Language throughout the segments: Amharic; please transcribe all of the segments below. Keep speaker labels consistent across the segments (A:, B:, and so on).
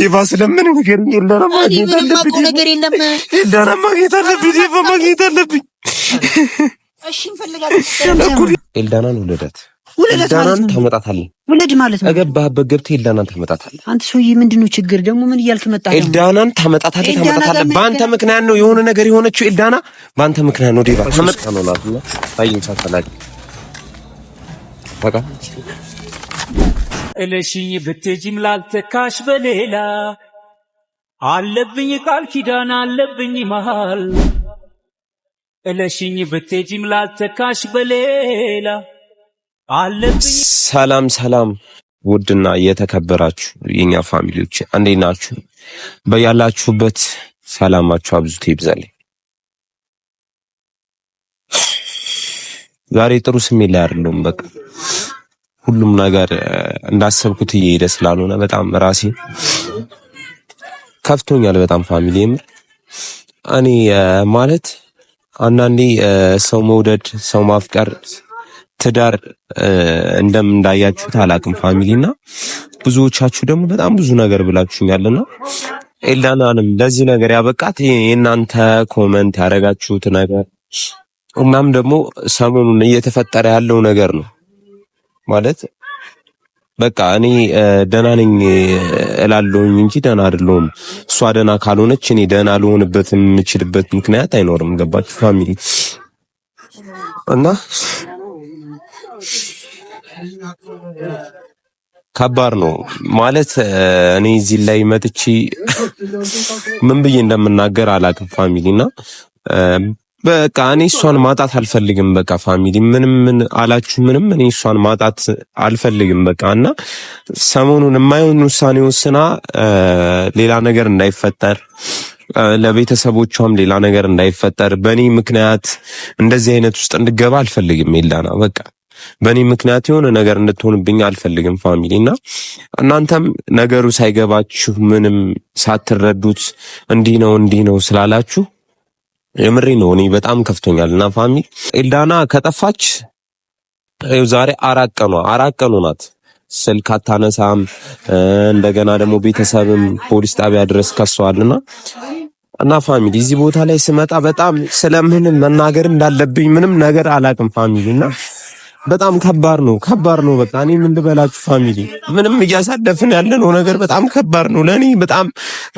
A: ዴቫ ስለምን ነገር የለንም፣ ማግኘት አለብኝ። ዴቫ ኤልዳናን ውለዳት፣ ኤልዳናን ታመጣታለህ። ውለድ ማለት ነው። ከገባህበት ገብተህ ኤልዳናን ታመጣታለህ።
B: አንተ ሰውዬ ምንድን ነው ችግር ደግሞ? ምን እያልክ መጣህ?
A: ኤልዳናን ታመጣታለህ፣ ታመጣታለህ። በአንተ ምክንያት ነው የሆነ ነገር የሆነችው። ኤልዳና በአንተ ምክንያት ነው። ዴቫ ታመጣ ነው ላትና ታይንሳተናል በቃ
C: እለሽኝ ብትጂም ላልተካሽ በሌላ አለብኝ ቃል ኪዳን አለብኝ መሃል እለሽኝ ብትጂም ላልተካሽ በሌላ አለብኝ።
A: ሰላም ሰላም፣ ውድና የተከበራችሁ የኛ ፋሚሊዎች እንዴት ናችሁ? በያላችሁበት ሰላማችሁ አብዙት ይብዛልኝ። ዛሬ ጥሩ ስሜት ላይ አይደለሁም በቃ ሁሉም ነገር እንዳሰብኩት እየሄደ ስላልሆነ በጣም ራሴ ከፍቶኛል። በጣም ፋሚሊ የምር እኔ ማለት አንዳንዴ ሰው መውደድ፣ ሰው ማፍቀር፣ ትዳር እንደምን እንዳያችሁት አላቅም ፋሚሊና ብዙዎቻችሁ ደግሞ በጣም ብዙ ነገር ብላችሁኛልና ኤልዳናንም ለዚህ ነገር ያበቃት የእናንተ ኮመንት ያደረጋችሁት ነገር እናም ደግሞ ሰሞኑን እየተፈጠረ ያለው ነገር ነው። ማለት በቃ እኔ ደህና ነኝ እላለሁኝ እንጂ ደህና አይደለሁም። እሷ ደህና ካልሆነች እኔ ደህና ልሆንበት የምችልበት ምክንያት አይኖርም። ገባችሁ ፋሚሊ? እና ከባድ ነው ማለት እኔ እዚህ ላይ መጥቼ ምን ብዬ እንደምናገር አላውቅም ፋሚሊ እና በቃ እኔ እሷን ማጣት አልፈልግም። በቃ ፋሚሊ ምንም ምን አላችሁ ምንም፣ እኔ እሷን ማጣት አልፈልግም። በቃ እና ሰሞኑን የማይሆን ውሳኔ ወስና ሌላ ነገር እንዳይፈጠር ለቤተሰቦቿም ሌላ ነገር እንዳይፈጠር በእኔ ምክንያት እንደዚህ አይነት ውስጥ እንድገባ አልፈልግም። ይላና በቃ በእኔ ምክንያት የሆነ ነገር እንድትሆንብኝ አልፈልግም ፋሚሊ እና እናንተም ነገሩ ሳይገባችሁ ምንም ሳትረዱት እንዲህ ነው እንዲህ ነው ስላላችሁ የምሬ ነው። እኔ በጣም ከፍቶኛል እና ፋሚል ኤልዳና ከጠፋች ዛሬ አራት ቀኗ አራት ቀኑ ናት። ስልክ አታነሳም። እንደገና ደግሞ ቤተሰብም ፖሊስ ጣቢያ ድረስ ከሷልና እና ፋሚሊ እዚህ ቦታ ላይ ስመጣ በጣም ስለምን መናገር እንዳለብኝ ምንም ነገር አላቅም ፋሚሊ እና በጣም ከባድ ነው፣ ከባድ ነው። በቃ እኔ ምን ልበላችሁ ፋሚሊ፣ ምንም እያሳለፍን ያለነው ነገር በጣም ከባድ ነው። ለእኔ በጣም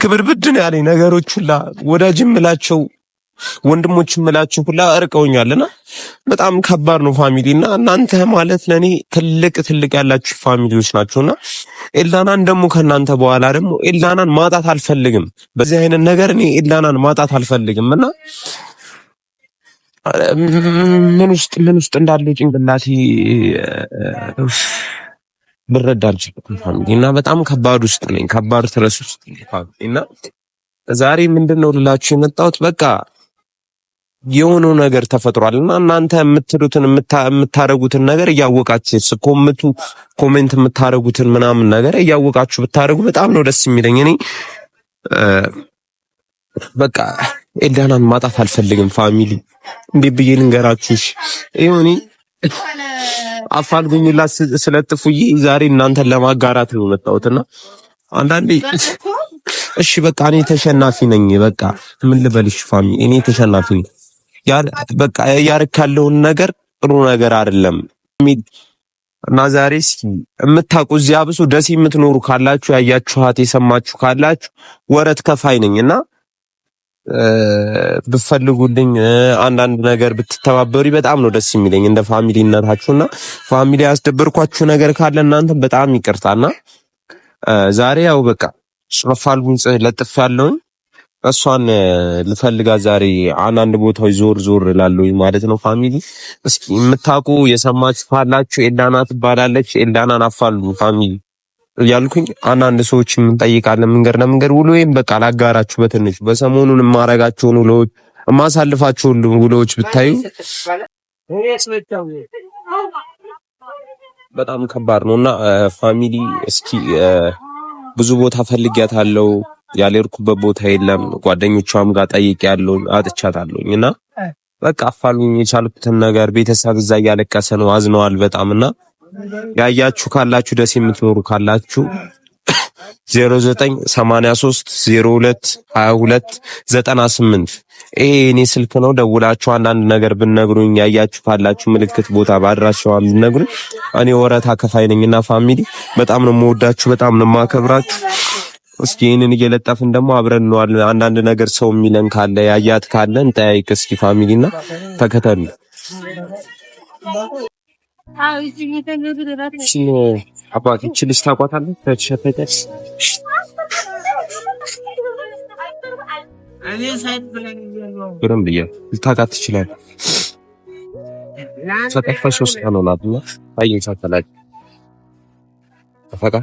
A: ክብር ብድን ያለኝ ነገሮች ሁላ ወዳጅ ወንድሞች ምላችሁ ሁላ እርቀውኛልና በጣም ከባድ ነው ፋሚሊና እናንተ ማለት ለኔ ትልቅ ትልቅ ያላችሁ ፋሚሊዎች ናችሁና ኤልዳናን ደግሞ ከእናንተ በኋላ ደግሞ ኤልዳናን ማጣት አልፈልግም። በዚህ አይነት ነገር እኔ ኤልዳናን ማጣት አልፈልግም እና ምን ውስጥ ምን ውስጥ እንዳለው ጭንቅላቴ ብረዳ አልችልም ፋሚሊ እና በጣም ከባድ ውስጥ ነኝ፣ ከባድ ትረስ ውስጥ ፋሚሊ እና ዛሬ ምንድን ነው ልላችሁ የመጣሁት በቃ የሆነው ነገር ተፈጥሯል እና እናንተ የምትሉትን የምታደርጉትን ነገር እያወቃችሁ ስኮምቱ ኮሜንት የምታደርጉትን ምናምን ነገር እያወቃችሁ ብታደርጉ በጣም ነው ደስ የሚለኝ። እኔ በቃ ኤልዳናን ማጣት አልፈልግም። ፋሚሊ እንዴት ብዬ ልንገራችሁ? ይሁን አፋልጉኝላ ስለጥፉዬ ዛሬ እናንተን ለማጋራት ነው የመጣሁትና አንዳንዴ እሺ በቃ እኔ ተሸናፊ ነኝ። በቃ ምን ልበልሽ ፋሚ፣ እኔ ተሸናፊ ነኝ። በቃ ያለውን ነገር ጥሩ ነገር አይደለም። እና ዛሬ እስኪ የምታውቁ እዚህ አብሶ ደሴ የምትኖሩ ካላችሁ ያያችኋት የሰማችሁ ካላችሁ ወረት ከፋይ ነኝ እና ብፈልጉልኝ አንዳንድ ነገር ብትተባበሩ በጣም ነው ደስ የሚለኝ እንደ ፋሚሊነታችሁና ፋሚሊ ያስደበርኳችሁ ነገር ካለ እናንተ በጣም ይቅርታና ዛሬ ያው በቃ ጽፋልጉን ለጥፍ ያለውኝ እሷን ልፈልጋ ዛሬ አንዳንድ ቦታዎች ዞር ዞር እላለሁ ማለት ነው። ፋሚሊ እስኪ የምታውቁ የሰማችሁ ካላችሁ ኤልዳና ትባላለች። ኤልዳናን አፋሉ ፋሚሊ እያልኩኝ አንዳንድ ሰዎች እንጠይቃለን። መንገድ ለመንገድ ውሎዬን በቃ ላጋራችሁ በትንሹ በሰሞኑን የማረጋቸውን ውሎዎች የማሳልፋቸውን ውሎዎች ብታዩ በጣም ከባድ ነውና ፋሚሊ እስኪ ብዙ ቦታ አለው ያልሄድኩበት ቦታ የለም። ጓደኞቿም ጋር ጠይቄ ያለውኝ አጥቻታለሁኝ እና በቃ አፋሉኝ የቻልኩትን ነገር ቤተሰብ እዛ እያለቀሰ ነው፣ አዝነዋል በጣም እና ያያችሁ ካላችሁ ደስ የምትኖሩ ካላችሁ 0983022298 ይሄ እኔ ስልክ ነው። ደውላችሁ አንዳንድ ነገር ብነግሩኝ ያያችሁ ካላችሁ ምልክት ቦታ ባድራችሁ ብነግሩኝ። እኔ ወረታ ከፋይ ነኝና ፋሚሊ በጣም ነው የምወዳችሁ፣ በጣም ነው የማከብራችሁ። እስኪ ይህንን እየለጠፍን ደግሞ አብረን እንዋል። አንዳንድ ነገር ሰው የሚለን ካለ ያያት ካለ እንጠያይቅ። እስኪ ፋሚሊና ተከተሉ። አባት ይህችን ልጅ ታውቋታለህ? ተሸፈተስ ልታውቃት ሶስት ቀን ሆናት አየን ተፈቃ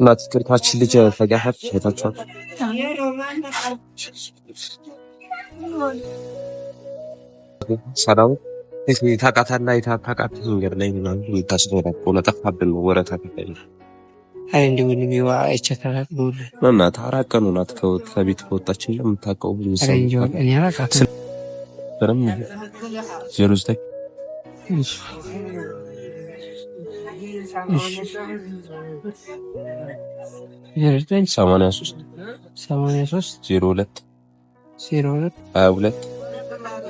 A: እናት ቅርታችን ልጅ ፈጋሀት ሸታችኋል። ሰላም ታውቃታለህ? የታውቃት መንገድ ላይ ለጠፋብን ወረታ አራት ቀን ሆናት ከቤት ከወጣችን የምታውቀው Tarım mı? Jeruzde. İş. İş. Jeruzde. ሰማንያ ሶስት
B: ሰማንያ ሶስት ዜሮ ሁለት ዜሮ ሁለት ሀያ ሁለት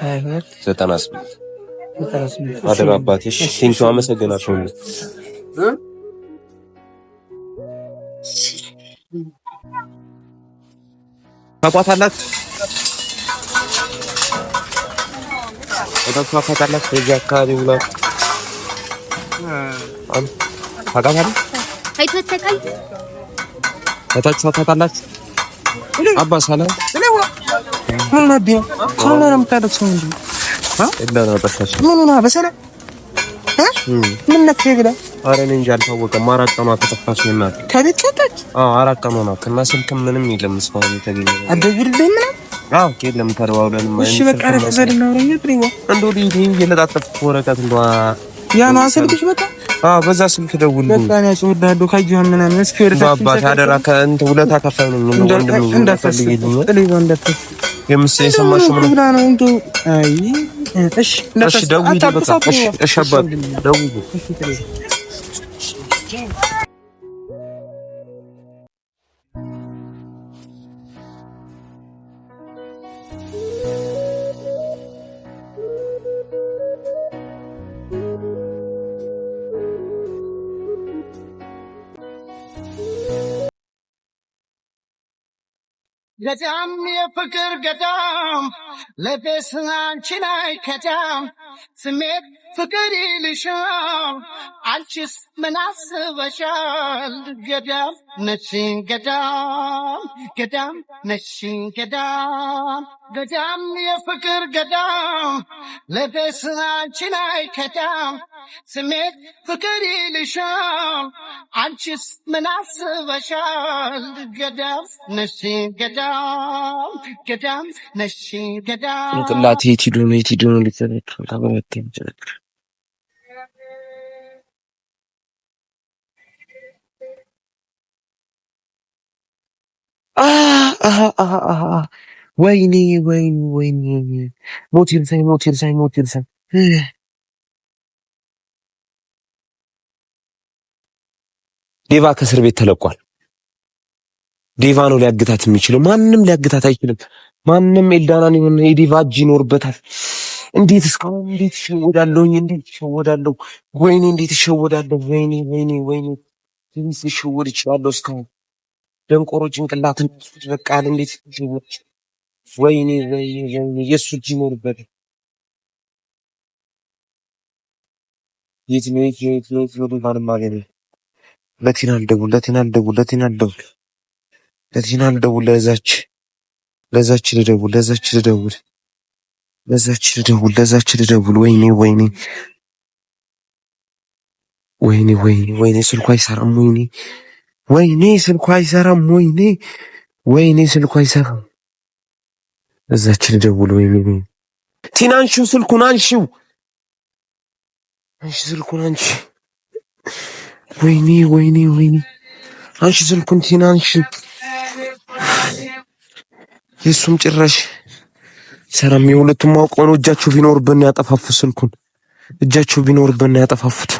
B: ሀያ ሁለት
A: ዘጠና ስምንት አደራ አባቴ። ቴንኪ አመሰግናለሁ። ታቋታላችሁ በጣም ፏፏቴ አካባቢ ምናምን ታውቃታለህ? አባ ሰላም
B: ምን ነው የምታደርሰው? እንዴ ምን ነው በሰላም ምን ነው
A: አው ከለም ተርባውለን
B: ማይ እሺ በቃ ረፈዘል ነው ረኝ ትሪዋ
A: አንዶ ዲ ዲ እየለጣጠፍኩ ወረቀት
B: ያ ነው ስልክሽ በቃ
A: አዎ በዛ ስልክ ደውል
B: በቃ ነው ያጽውዳዶ ካጂዋን ምናምን እስኪ
A: ወርታችን ባባ ታደራ ከእንት ሁለታ ከፈልኝ
B: ነው ወንድም እንዳትፈልግልኝ ጥሪዋ
A: እንዳትፈልግ የምስ የሰማሽ
B: ምን ነው እንዶ አይ እሺ እሺ ደውል በቃ እሺ እሺ አባት ደውል ለዚያም የፍቅር ገዳም አንቺ ላይ ከዳም ስሜት ፍቅር ይልሻል አንቺስ ምን አስበሻል? ገዳም ነሽን ገዳም ገዳም ነሽን ገዳም ገዳም የፍቅር ገዳም ልብስ አንቺን ከዳም ስሜት ፍቅር ይልሻል አንቺስ ምን አስበሻል? ገዳም ነሽን ገዳም ገዳም ነሽን ገዳም ጭንቅላቴ የት ሄዶ ነው Temperate ወይኔ ወይኔ ወይኔ ሞት ይርሳኝ ሞት ይርሳኝ ሞት ይርሳኝ። ዴቫ ከእስር ቤት ተለቋል። ዴቫ ነው ሊያግታት የሚችለው። ማንም ሊያግታት አይችልም። ማንም ኤልዳናን የሆነ የዴቫ እጅ ይኖርበታል። እንዴት እስካሁን እንዴት እሸወዳለሁኝ? እንዴት እሸወዳለሁ? ወይኔ እንዴት እሸወዳለሁ? ወይኔ ወይኔ ወይኔ ትንሽ ይሸወድ ይችላለሁ። እስካሁን ደንቆሮ ጭንቅላት እንዳልኩት በቃል እንዴት ይሸወድ? ወይኔ ወይኔ ወይኔ የእሱ እጅ ይኖርበት። የት ነው የት ነው የት ነው የት ነው ድንኳን የማገኘው? ለቲና አልደውል፣ ለቲና አልደውል፣ ለቲና አልደውል፣ ለቲና አልደውል፣ ለዛች ለዛች ልደውል፣ ለዛች ልደውል ለዛች ልደውል፣ ለዛች ልደውል። ወይኔ ወይኔ ወይኔ ወይኔ ወይኔ ስልኳ አይሰራም። ወይኔ ወይኔ ስልኳ አይሰራም። ወይኔ ወይኔ ስልኳ አይሰራም። ለዛች ልደውል። ወይኔ ወይኔ ቲና አንሺው ስልኩን፣ አንሺው፣ አንሺ ስልኩን፣ አንሺ። ወይኔ ወይኔ ወይኔ አንሺ ስልኩን ቲና፣ አንሺ። የእሱም ጭራሽ ሰላም የሁለቱም ማውቀው ነው። እጃችሁ ቢኖርብን ያጠፋፉ ስልኩን። እጃችሁ ቢኖርብን ያጠፋፉት።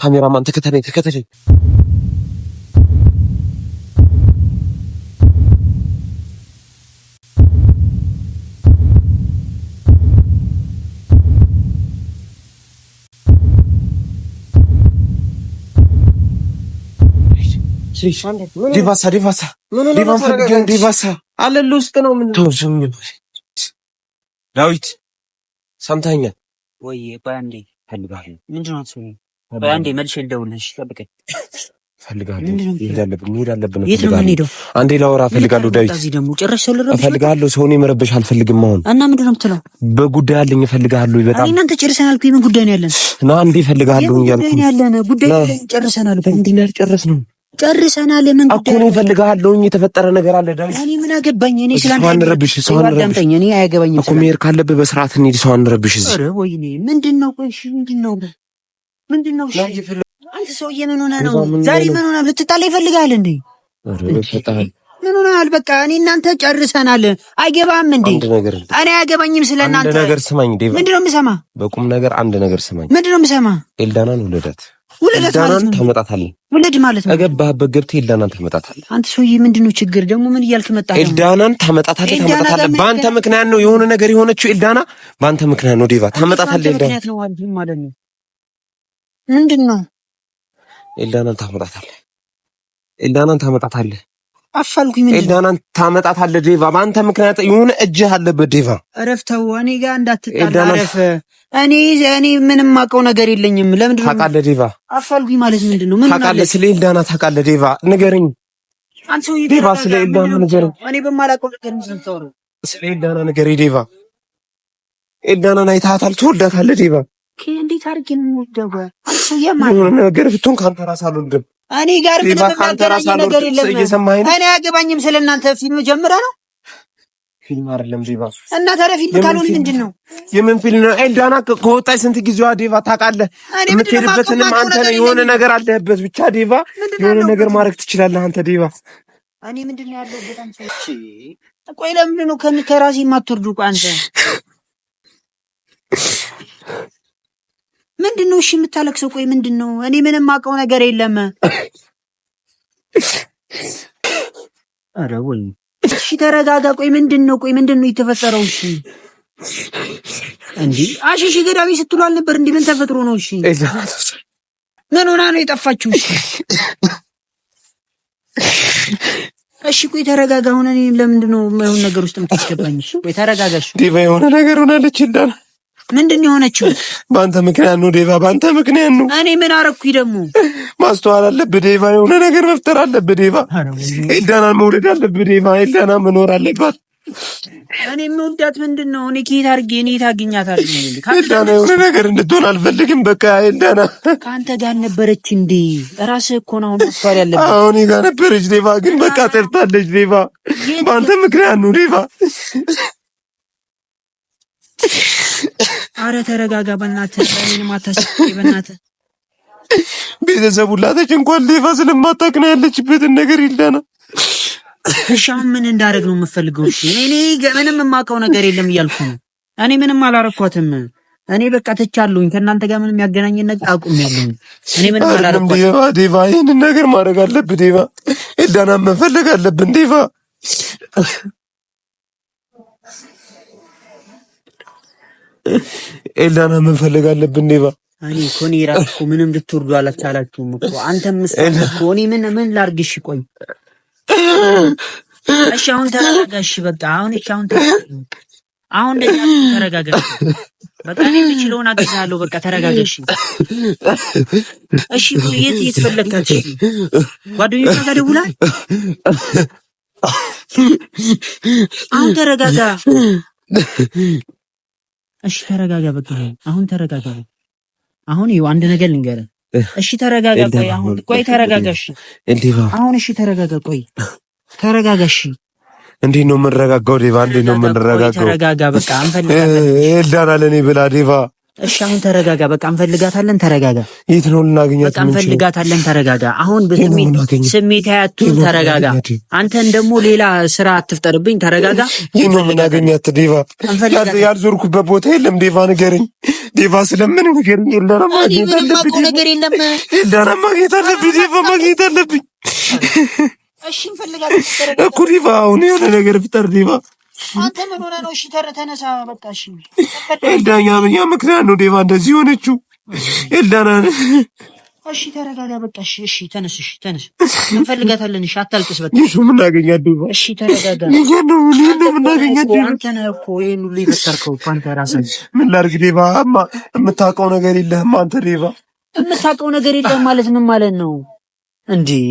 B: ካሜራማን ተከተለኝ፣ ተከተለኝ። ዲቫሳ ዲቫሳ ዲቫሳ ዲቫሳ አለል ውስጥ ነው። ምን ተው ዝም ዳዊት ሰምተኛል ወይ? ቆይ አንዴ ፈልጋለሁ። ምንድን ነው አትሰማም? ቆይ አንዴ መልሼ ልደውልልሽ፣ ጠብቀኝ። ፈልጋለሁ። መሄድ አለብን፣ መሄድ አለብን። የት ነው የምንሄደው? አንዴ ላወራ ፈልጋለሁ። ዳዊት እዚህ ደግሞ ጭራሽ ሰው ልረብሽ ፈልጋለሁ። ሰው እኔ መረብሽ አልፈልግም። አሁን እና ምንድን ነው የምትለው? በጉዳይ አለኝ እፈልጋለሁ። በጣም እኔ እናንተ ጨርሰናል እኮ የምን ጉዳይ ነው ያለን? ና አንዴ ፈልጋለሁ እያልኩ ጉዳይ ነው ያለን። ጉዳይ ጨርሰናል በእንዲነር እንዴ ነው ጨርሰናል። ምን ጉዳይ እኮ ነው? እፈልግሃለሁኝ። የተፈጠረ ነገር አለ ዳዊት። እኔ ምን አገባኝ? እኔ ስላንተ አንረብሽ፣ ሰው አንረብሽ። እኔ አያገባኝም እኮ መሄድ ካለብህ በስርዓት እንሂድ። ሰው አንረብሽ። እዚህ ኧረ ወይኔ፣ ምንድን ነው? እሺ፣ ምንድን ነው? ምንድን ነው? እሺ፣ አንተ ሰውዬ ምን ሆነህ ነው? ዛሬ ምን ሆነህ ልትጣላ ይፈልጋል እንዴ? ኧረ በፈጣሪ ምን ሆነሃል? በቃ እኔ እናንተ ጨርሰናል። አይገባም እንዴ? አንድ ነገር እኔ አያገባኝም ስለናንተ። አንድ ነገር ስማኝ ዴቭ። ምንድን ነው የምሰማ? በቁም ነገር አንድ ነገር ስማኝ። ምንድን ነው የምሰማ? ኤልዳናን ውለዳት ውለደት ማለት ነው ታመጣታለህ። ውለድ ማለት ነው እገባህበት ገብተህ ኤልዳናን ታመጣታለህ። አንተ ሰውዬ ምንድነው ችግር ደግሞ? ምን እያልክ መጣህ? ኤልዳናን ታመጣታለህ፣ ታመጣታለህ። በአንተ ምክንያት ነው የሆነ ነገር የሆነችው ኤልዳና በአንተ ምክንያት ነው። ዴቫ ታመጣታለህ። ኤልዳና ማለት ነው ምንድነው? ኤልዳናን ታመጣታለህ። ኤልዳናን ታመጣታለህ አፋልኩ ምን ኤልዳናን አለ ዴቫ በአንተ ምክንያት ይሁን እጅህ አለበት። ዴቫ እረፍ፣ ተው። እኔ ጋር እንዳትጣላ አረፍ። እኔ እኔ ምንም ማቀው ነገር የለኝም። ለምንድን ነው ታውቃለህ? ዴቫ አፋልኩ ማለት ምንድን ነው? ምን ታቃለ? ስለ ኤልዳና ታቃለ ዴቫ ንገርኝ አንተ ዴቫ፣ ስለ ኤልዳና ንገረኝ። እኔ በማላቀው ነገር ምንም ታወራው። ስለ ኤልዳና ንገረኝ ዴቫ። ኤልዳናን አይተሃታል? ትወዳታለህ? ዴቫ እንዴት አድርጌ ነው የምወደው? አንተ የማን ነገር ብትሆን ካንተ ራስ አልወድም እኔ ጋር ምንም የሚያገናኝ ነገር የለም። እኔ አያገባኝም። ስለ እናንተ ፊልም ጀምረ ነው ፊልም አይደለም ዴቫ። እና ታዲያ ፊልም ካልሆነ ምንድን ነው? የምን ፊልም ነው? ኤልዳና ከወጣች ስንት ጊዜዋ ዴቫ። ታውቃለህ፣ የምትሄድበትንም አንተ ነው። የሆነ ነገር አለህበት። ብቻ ዴቫ የሆነ ነገር ማድረግ ትችላለህ አንተ ዴቫ። እኔ ምንድን ነው ያለው? በጣም ቆይ፣ ለምንድን ነው ከራሴ የማትወርዱ? አንተ ምንድን ነው እሺ የምታለቅሰው? ቆይ ምንድን ነው? እኔ ምንም አውቀው ነገር የለም። ኧረ ወይ እሺ ተረጋጋ። ቆይ ምንድን ነው? ቆይ ምንድን ነው የተፈጠረው? እሺ እንዲ አሽሽ ገዳሚ ስትሉ አልነበር? እንዲ ምን ተፈጥሮ ነው? እሺ ምን ሆና ነው የጠፋችው? እሺ እሺ ቆይ ተረጋጋ። አሁን እኔ ለምንድን ነው የማይሆን ነገር ውስጥ የምታስገባኝ? ቆይ ተረጋጋ። እሺ የሆነ ነገር ሆናለች እንዳለ ምንድን የሆነችው? በአንተ ምክንያት ነው ዴቫ፣ በአንተ ምክንያት ነው። እኔ ምን አረኩኝ ደግሞ? ማስተዋል አለብህ ዴቫ፣ የሆነ ነገር መፍጠር አለብህ ዴቫ። ኤልዳናን መውለድ አለብህ ዴቫ። ኤልዳና መኖር አለባት። እኔ የምወዳት ምንድን ነው? እኔ ከየት አድርጌ እኔ ታገኛታለህ? ኤልዳና የሆነ ነገር እንድትሆን አልፈልግም። በቃ ኤልዳና ከአንተ ጋር ነበረች እንዴ? ራስህ እኮ ነው አሁን ማስተዋል ያለብህ። አሁን ጋር ነበረች ዴቫ፣ ግን በቃ ጠርታለች ዴቫ። በአንተ ምክንያት ነው ዴቫ አረ ተረጋጋ፣ በእናትህ እኔንም በእናትህ ቤተሰቡ ላተች እንኳን ሌፋ ስለማታውቅ ነው ያለችበትን ነገር ይልዳና። እሻም ምን እንዳደረግ ነው የምፈልገው? እሺ እኔ ምንም የማውቀው ነገር የለም እያልኩ ነው። እኔ ምንም አላረኳትም። እኔ በቃ ትቻለሁኝ። ከእናንተ ጋር ምንም ያገናኘን ነገር አቁሜያለሁኝ። እኔ ምንም አላረኳትም። ዴቫ ዴቫ፣ ይህንን ነገር ማድረግ አለብህ ዴቫ። ኤልዳና መፈለግ አለብን ዴቫ ኤልዳና ምን ፈለግ አለብን? ዴባ እኔ እኮ እኔ ምንም ልትወርዱ አላቻላችሁም እኮ አንተም ምስል እኮ እኔ ምን ምን ላርግሽ? ቆይ እሺ አሁን ተረጋጋ። እሺ በቃ አሁን እሺ አሁን አሁን እንደኛ ተረጋጋ። በቃ እኔ የምችለውን አግዛለሁ። በቃ ተረጋጋሽ። እሺ እሺ የት የት ፈለግካት? ጓደኞቿ ጋር ደውላል። አሁን ተረጋጋ እሺ ተረጋጋ። በቃ አሁን ተረጋጋ። አሁን ይኸው አንድ ነገር ልንገር። እሺ ተረጋጋ። ቆይ አሁን ቆይ ተረጋጋ። አሁን እሺ ተረጋጋ። ቆይ ተረጋጋ። እሺ እንዴት ነው የምንረጋጋው? ዴቫ እንዴት ነው የምንረጋጋው? ተረጋጋ። በቃ አንፈልጋለን። ኤልዳና ለእኔ ብላ ዴቫ እሺ አሁን ተረጋጋ። በቃ እንፈልጋታለን። ተረጋጋ። የት ነው እናገኛት? በቃ እንፈልጋታለን። ተረጋጋ። አሁን ስሜት ያያቱን ተረጋጋ። አንተን ደግሞ ሌላ ስራ አትፍጠርብኝ። ተረጋጋ። የት ነው እናገኛት? ዴቫ ያልዞርኩበት ቦታ የለም። ዴቫ ንገረኝ። ዴቫ ስለምን ንገረኝ። የለንም ነገር የለም። የለንም። ማግኘት አለብኝ። ዴቫ ማግኘት አለብኝ እኮ ዴቫ። አሁን የሆነ ነገር ፍጠር ዴቫ አንተ ምን ሆነህ ነው? እሺ ተነሳ፣ ምክንያት ነው ዴቫ እንደዚህ እሺ ተረጋጋ፣ እሺ ተነስ፣ ተነስ፣ እንፈልጋታለን። እሺ አታልቅስ፣ በቃ እሺ። የምናገኛት ዴቫ፣ እሺ አታልቅስ በቃ ዴቫ እሺ ተረጋጋ ነው ዴቫ። አንተ ነህ እኮ ይሄን ሁሉ የፈጠርከው እኮ አንተ ራስህ። ምን ላድርግ ዴቫ? የምታውቀው ነገር የለህም አንተ ዴቫ። የምታውቀው ነገር የለህም ማለት ምን ማለት ነው? እንዲህ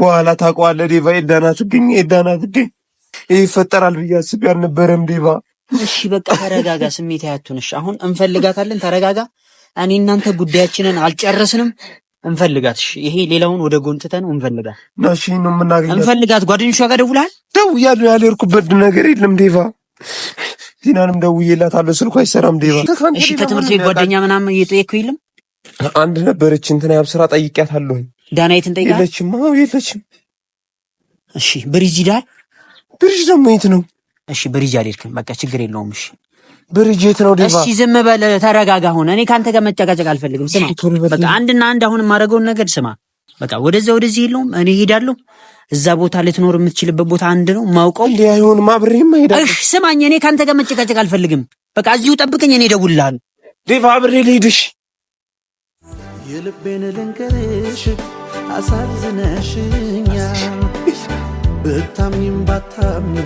B: በኋላ ታውቀዋለህ ዴቫ። ኤልዳና ትገኝ፣ ኤልዳና ትገኝ ይህ ይፈጠራል ብዬ አስቤ አልነበረም። ዴባ እሺ፣ በቃ ተረጋጋ። ስሜት ያቱንሽ አሁን እንፈልጋታለን። ተረጋጋ። እኔ እናንተ ጉዳያችንን አልጨረስንም። እንፈልጋት። እሺ፣ ይሄ ሌላውን ወደ ጎን ትተን እንፈልጋት። ናሺ ነው የምናገኛት። እንፈልጋት። ጓደኞቿ ጋር ደውለሃል? ደውያለሁ። ያልሄድኩበት ነገር የለም ዴባ። ቲናንም ደውዬላታለሁ፣ ስልኩ አይሰራም ዴባ። እሺ፣ ከትምህርት ቤት ጓደኛ ምናምን እየጠየቅኩ የለም አንድ ነበረች እንትን ያም ስራ ጠይቂያታለሁኝ። ዳናይትን ጠይቃ የለችም። አዎ የለችም። እሺ፣ ብሪጅ ዳል ብርጅ ደግሞ የት ነው? እሺ ብርጅ አልሄድክም። በቃ ችግር የለውም። እሺ ብርጅ የት ነው? እሺ ዝም በል ተረጋጋ። ሆነ እኔ ከአንተ ጋር መጨቃጨቅ አልፈልግም። ስማ በቃ አንድና አንድ አሁን የማደርገውን ነገር ስማ። በቃ ወደዛ ወደዚህ የለውም። እኔ ሄዳለሁ። እዛ ቦታ ልትኖር የምትችልበት ቦታ አንድ ነው ማውቀው። አይሆንም። አብሬማ ሄዳለሁ። ስማኝ እኔ ከአንተ ጋር መጨቃጨቅ አልፈልግም። በቃ እዚሁ ጠብቀኝ። እኔ እደውልልሃለሁ። ዴቭ አብሬ ልሂድሽ የልቤን ልንገርሽ አሳዝነሽኛል ብታምኝም ባታምኝም